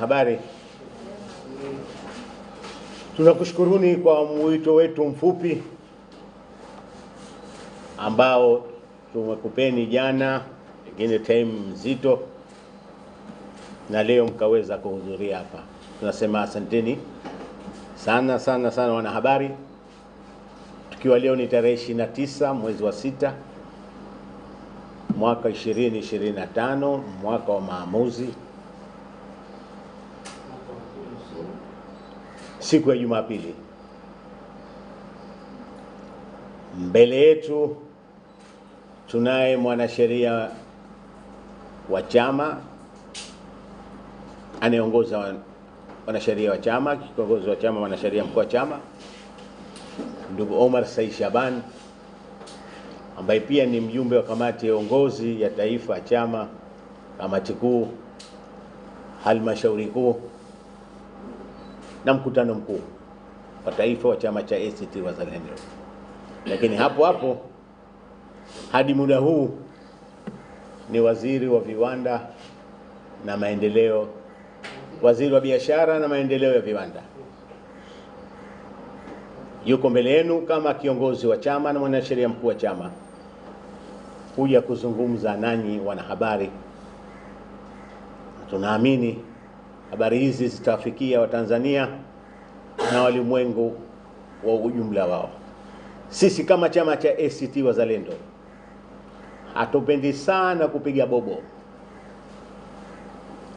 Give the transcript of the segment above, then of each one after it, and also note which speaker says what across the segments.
Speaker 1: Habari, tunakushukuruni kwa mwito wetu mfupi ambao tumekupeni jana, pengine time nzito, na leo mkaweza kuhudhuria hapa. Tunasema asanteni sana sana sana wanahabari, tukiwa leo ni tarehe tisa mwezi wa sita mwaka 2025 mwaka wa maamuzi siku ya Jumapili. Mbele yetu tunaye mwanasheria wa chama anayeongoza wanasheria wa chama, kiongozi wa chama, mwanasheria mkuu wa chama, ndugu Omar Said Shaban ambaye pia ni mjumbe wa kamati ya uongozi ya taifa ya chama, kamati kuu, halmashauri kuu na mkutano mkuu wa taifa wa chama cha ACT Wazalendo. Lakini hapo hapo hadi muda huu ni waziri wa viwanda na maendeleo, waziri wa biashara na maendeleo ya viwanda yuko mbele yenu kama kiongozi wa chama na mwanasheria mkuu wa chama kuja kuzungumza nanyi wanahabari. Tunaamini habari hizi zitawafikia Watanzania na walimwengu wa ujumla wao. Sisi kama chama cha ACT Wazalendo hatupendi sana kupiga bobo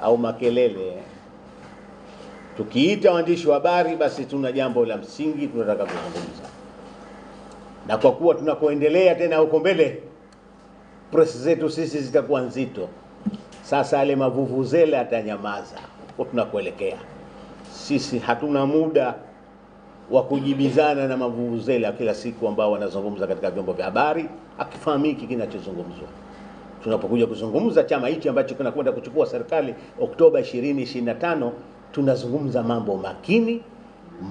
Speaker 1: au makelele. Tukiita waandishi wa habari, basi tuna jambo la msingi tunataka kuzungumza, na kwa kuwa tunakoendelea tena huko mbele, press zetu sisi zitakuwa nzito. Sasa yale mavuvuzela atanyamaza huko tunakuelekea. Sisi hatuna muda wa kujibizana na mavuvuzela kila siku ambao wanazungumza katika vyombo vya habari, akifahamiki kinachozungumzwa. Tunapokuja kuzungumza chama hichi ambacho kinakwenda kuchukua serikali Oktoba 2025 tunazungumza mambo makini,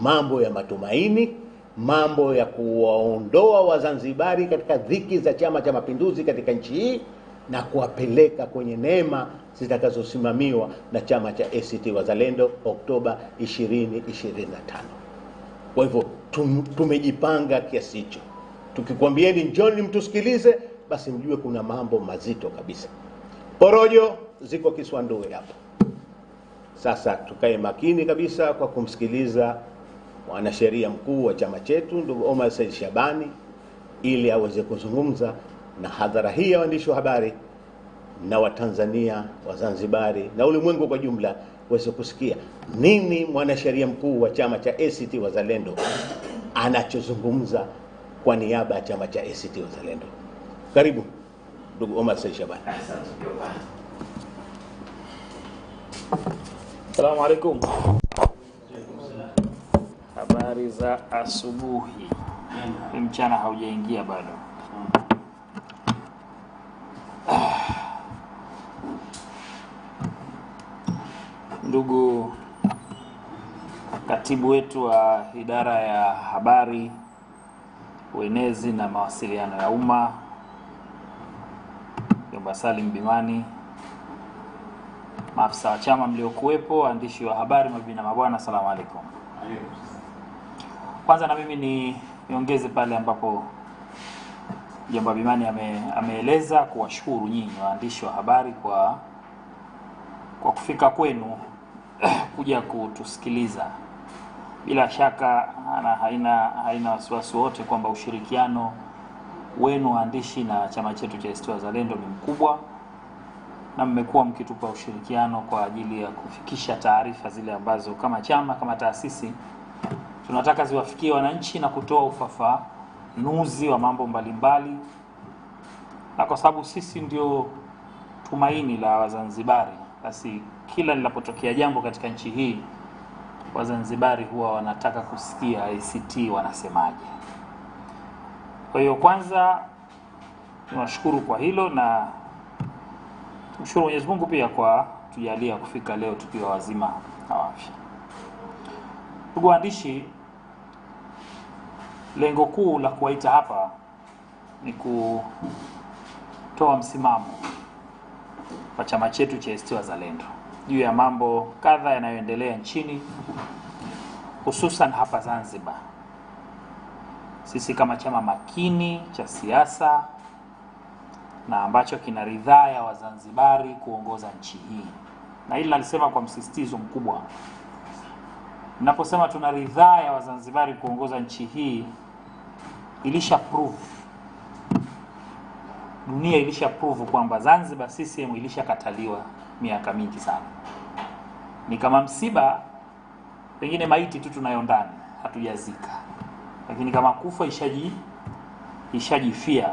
Speaker 1: mambo ya matumaini, mambo ya kuwaondoa Wazanzibari katika dhiki za Chama cha Mapinduzi katika nchi hii na kuwapeleka kwenye neema zitakazosimamiwa na chama cha ACT Wazalendo Oktoba 2025. Kwa hivyo tumejipanga kiasi hicho. Tukikwambieni njoni mtusikilize, basi mjue kuna mambo mazito kabisa. Porojo ziko Kiswandue hapo. Sasa tukae makini kabisa kwa kumsikiliza mwanasheria mkuu wa chama chetu ndugu Omar Said Shabani ili aweze kuzungumza na hadhara hii ya waandishi wa habari na Watanzania Wazanzibari na ulimwengu kwa jumla uweze kusikia nini mwanasheria mkuu wa chama cha ACT Wazalendo anachozungumza kwa niaba ya chama cha ACT Wazalendo. Karibu ndugu Omar Said Shaban.
Speaker 2: Asalamu alaykum. Habari za asubuhi. Mchana haujaingia bado. ndugu katibu wetu wa idara ya habari, uenezi na mawasiliano ya umma Jomba Salim Bimani, maafisa wa chama mliokuwepo, waandishi wa habari, mabina mabwana, asalamu alaikum. Kwanza na mimi ni niongeze pale ambapo Jomba Bimani ame, ameeleza kuwashukuru nyinyi waandishi wa habari kwa kwa kufika kwenu kuja kutusikiliza. Bila shaka ana haina, haina wasiwasi wote kwamba ushirikiano wenu waandishi na chama chetu cha ACT Wazalendo ni mkubwa na mmekuwa mkitupa ushirikiano kwa ajili ya kufikisha taarifa zile ambazo kama chama kama taasisi tunataka ziwafikie wananchi na kutoa ufafanuzi wa mambo mbalimbali, na kwa sababu sisi ndio tumaini la Wazanzibari, basi kila linapotokea jambo katika nchi hii Wazanzibari huwa wanataka kusikia ACT wanasemaje. Kwa hiyo kwanza tunashukuru kwa hilo na tumshukuru Mwenyezi Mungu pia kwa tujalia kufika leo tukiwa wazima na afya. Ndugu waandishi, lengo kuu la kuwaita hapa ni kutoa msimamo wa chama chetu cha ACT Wazalendo juu ya mambo kadha yanayoendelea nchini hususan hapa Zanzibar. Sisi kama chama makini cha siasa na ambacho kina ridhaa ya Wazanzibari kuongoza nchi hii, na hili nalisema kwa msisitizo mkubwa. Ninaposema tuna ridhaa ya Wazanzibari kuongoza nchi hii, ilisha prove dunia, ilisha prove kwamba Zanzibar CCM ilishakataliwa miaka mingi sana. Ni kama msiba, pengine maiti tu tunayo ndani, hatujazika, lakini kama kufa ishaji ishajifia,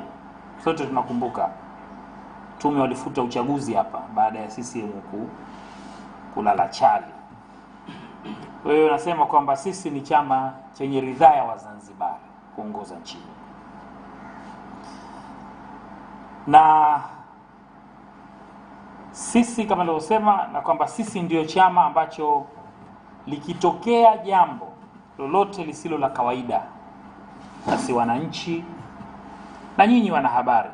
Speaker 2: sote tunakumbuka tume walifuta uchaguzi hapa baada ya CCM kulala chali. Kwa hiyo nasema kwamba sisi ni chama chenye ridhaa ya Wazanzibari kuongoza nchini na sisi kama nilivyosema, na kwamba sisi ndiyo chama ambacho likitokea jambo lolote lisilo la kawaida, basi wananchi na nyinyi wanahabari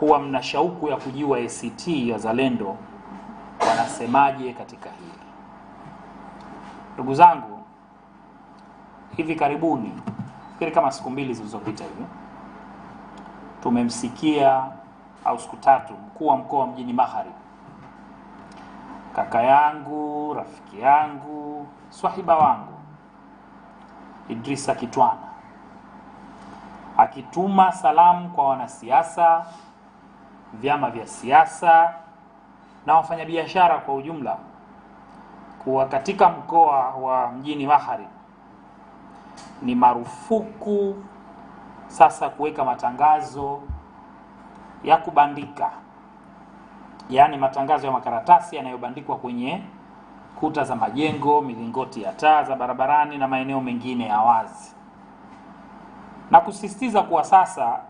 Speaker 2: huwa mna shauku ya kujua ACT Wazalendo wanasemaje katika hili. Ndugu zangu, hivi karibuni, fikiri kama siku mbili zilizopita hivi, tumemsikia au siku tatu, mkuu wa mkoa mjini mahari kaka yangu, rafiki yangu, swahiba wangu Idrisa Kitwana akituma salamu kwa wanasiasa, vyama vya siasa na wafanyabiashara kwa ujumla kuwa katika mkoa wa mjini Magharibi ni marufuku sasa kuweka matangazo ya kubandika, yaani matangazo ya makaratasi yanayobandikwa kwenye kuta za majengo, milingoti ya taa za barabarani na maeneo mengine ya wazi, na kusisitiza kuwa sasa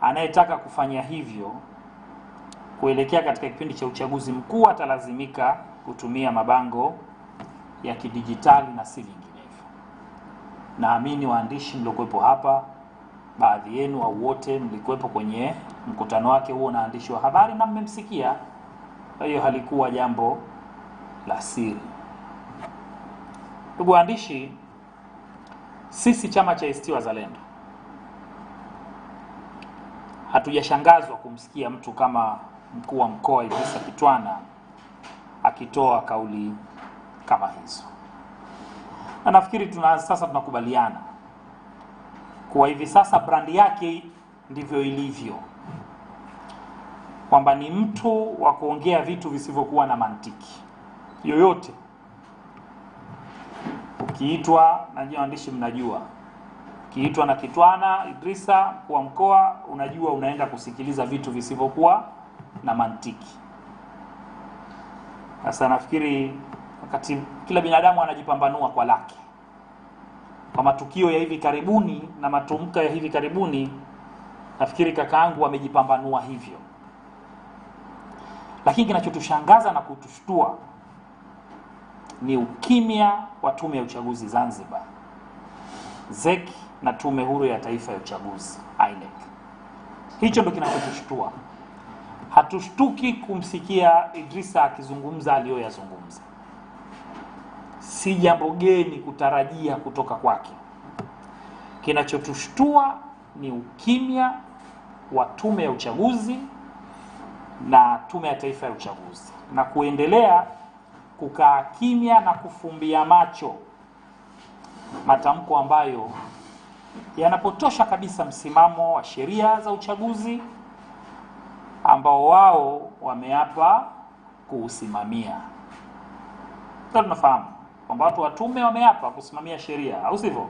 Speaker 2: anayetaka kufanya hivyo kuelekea katika kipindi cha uchaguzi mkuu atalazimika kutumia mabango ya kidijitali na si vinginevyo. Naamini waandishi mliokuwepo hapa baadhi yenu au wote mlikuwepo kwenye mkutano wake huo na andishi wa habari na mmemsikia. Kwa hiyo halikuwa jambo la siri. Ndugu waandishi, sisi chama cha ACT Wazalendo hatujashangazwa kumsikia mtu kama mkuu wa mkoa Idrisa Kitwana akitoa kauli kama hizo, na nafikiri tuna sasa tunakubaliana kwa hivi sasa brandi yake ndivyo ilivyo, kwamba ni mtu wa kuongea vitu visivyokuwa na mantiki yoyote. Ukiitwa najua andishi mnajua ukiitwa na Kitwana Idrisa kwa mkoa, unajua unaenda kusikiliza vitu visivyokuwa na mantiki. Sasa nafikiri wakati kila binadamu anajipambanua kwa lake kwa matukio ya hivi karibuni na matumka ya hivi karibuni, nafikiri kakaangu amejipambanua hivyo. Lakini kinachotushangaza na kutushtua ni ukimya wa Tume ya Uchaguzi Zanzibar, zek na Tume Huru ya Taifa ya Uchaguzi INEC. Hicho ndo kinachotushtua. Hatushtuki kumsikia Idrisa akizungumza aliyoyazungumza si jambo geni kutarajia kutoka kwake. Kinachotushtua ni ukimya wa Tume ya Uchaguzi na Tume ya Taifa ya Uchaguzi na kuendelea kukaa kimya na kufumbia macho matamko ambayo yanapotosha kabisa msimamo wa sheria za uchaguzi ambao wao wameapa kuusimamia. tunafahamu kwamba watu watume wameapa kusimamia sheria, au sivyo,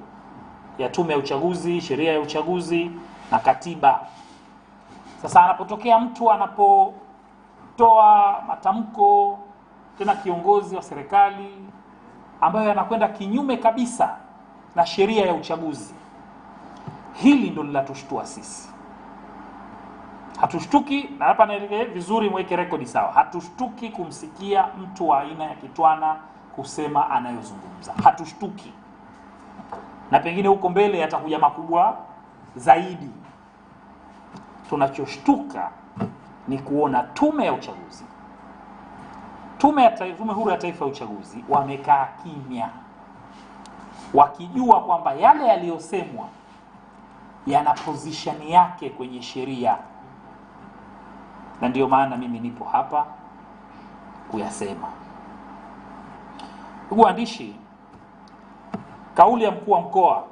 Speaker 2: ya tume ya uchaguzi, sheria ya uchaguzi na katiba. Sasa anapotokea mtu anapotoa matamko, tena kiongozi wa serikali, ambayo anakwenda kinyume kabisa na sheria ya uchaguzi, hili ndo linatushtua sisi. Hatushtuki, na hapa naelekea vizuri, mweke rekodi sawa. Hatushtuki kumsikia mtu wa aina ya Kitwana kusema anayozungumza, hatushtuki, na pengine huko mbele yatakuja makubwa zaidi. Tunachoshtuka ni kuona tume ya uchaguzi, tume ya taifa, tume huru ya taifa ya uchaguzi wamekaa kimya, wakijua kwamba yale yaliyosemwa yana pozishani yake kwenye sheria, na ndiyo maana mimi nipo hapa kuyasema. Ndugu kauli ya mkuu wa mkoa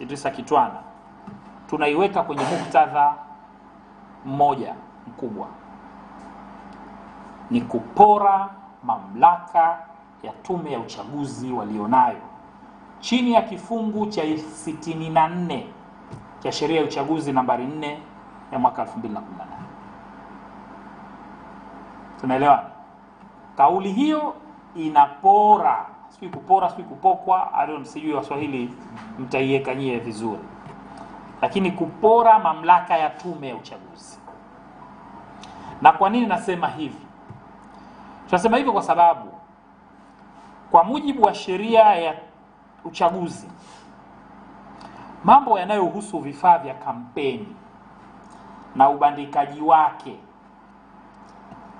Speaker 2: Idrisa Kitwana tunaiweka kwenye muktadha mmoja mkubwa, ni kupora mamlaka ya tume ya uchaguzi walionayo chini ya kifungu cha 64 cha sheria ya uchaguzi nambari 4 ya mwaka 2018. tunaelewa Kauli hiyo inapora, sijui kupora, sijui kupokwa, ado sijui Waswahili mtaiweka nyie vizuri, lakini kupora mamlaka ya tume ya uchaguzi. Na kwa nini nasema hivi? Tunasema hivyo kwa sababu kwa mujibu wa sheria ya uchaguzi, mambo yanayohusu vifaa vya kampeni na ubandikaji wake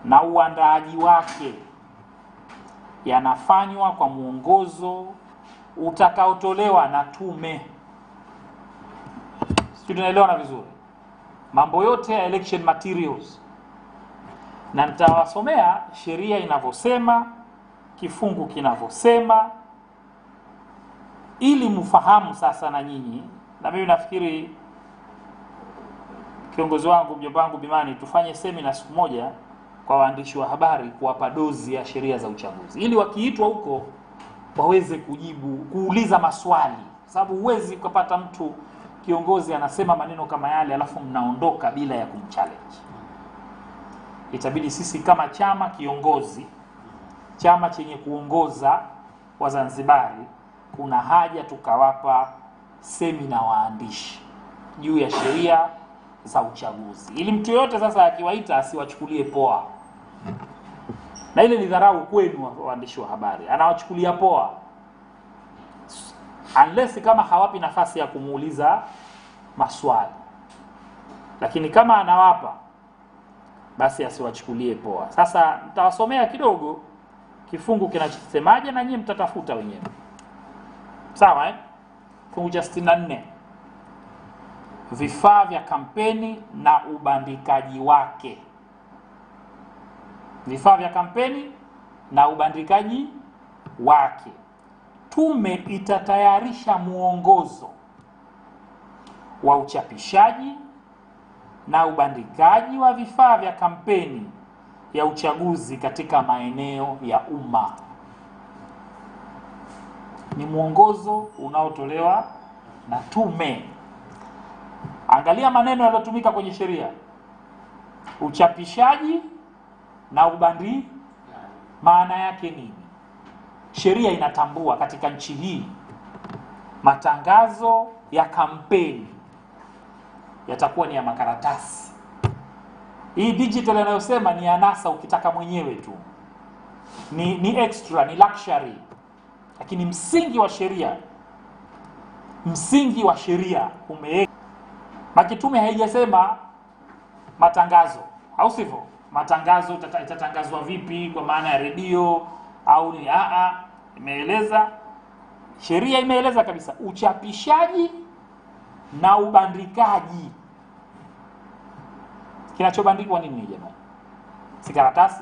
Speaker 2: na uandaaji wake yanafanywa kwa mwongozo utakaotolewa na tume. Sijui tunaelewana vizuri. Mambo yote ya election materials, na nitawasomea sheria inavyosema, kifungu kinavyosema, ili mfahamu sasa na nyinyi. Na mimi nafikiri kiongozi wangu, mjomba wangu Bimani, tufanye semina siku moja kwa waandishi wa habari kuwapa dozi ya sheria za uchaguzi ili wakiitwa huko waweze kujibu, kuuliza maswali, sababu huwezi ukapata mtu kiongozi anasema maneno kama yale alafu mnaondoka bila ya kumchallenge. Itabidi sisi kama chama kiongozi, chama chenye kuongoza Wazanzibari, kuna haja tukawapa semina waandishi juu ya sheria za uchaguzi, ili mtu yoyote sasa akiwaita asiwachukulie poa na ile ni dharau kwenu waandishi wa habari, anawachukulia poa, unless kama hawapi nafasi ya kumuuliza maswali, lakini kama anawapa basi asiwachukulie poa. Sasa nitawasomea kidogo kifungu kinachosemaje, na nyinyi mtatafuta wenyewe, sawa eh? Kifungu cha 64 vifaa vya kampeni na ubandikaji wake vifaa vya kampeni na ubandikaji wake. Tume itatayarisha mwongozo wa uchapishaji na ubandikaji wa vifaa vya kampeni ya uchaguzi katika maeneo ya umma. Ni mwongozo unaotolewa na tume. Angalia maneno yaliyotumika kwenye sheria: uchapishaji na ubandi, maana yake nini? Sheria inatambua katika nchi hii matangazo ya kampeni yatakuwa ni ya makaratasi. Hii digital anayosema ni anasa, ukitaka mwenyewe tu ni, ni extra, ni luxury, lakini msingi wa sheria msingi wa sheria umeweka. Makitume haijasema matangazo, au sivyo? matangazo itatangazwa vipi, kwa maana ya redio au ni aa. Imeeleza sheria, imeeleza kabisa uchapishaji na ubandikaji. Kinachobandikwa nini jamani? Si karatasi?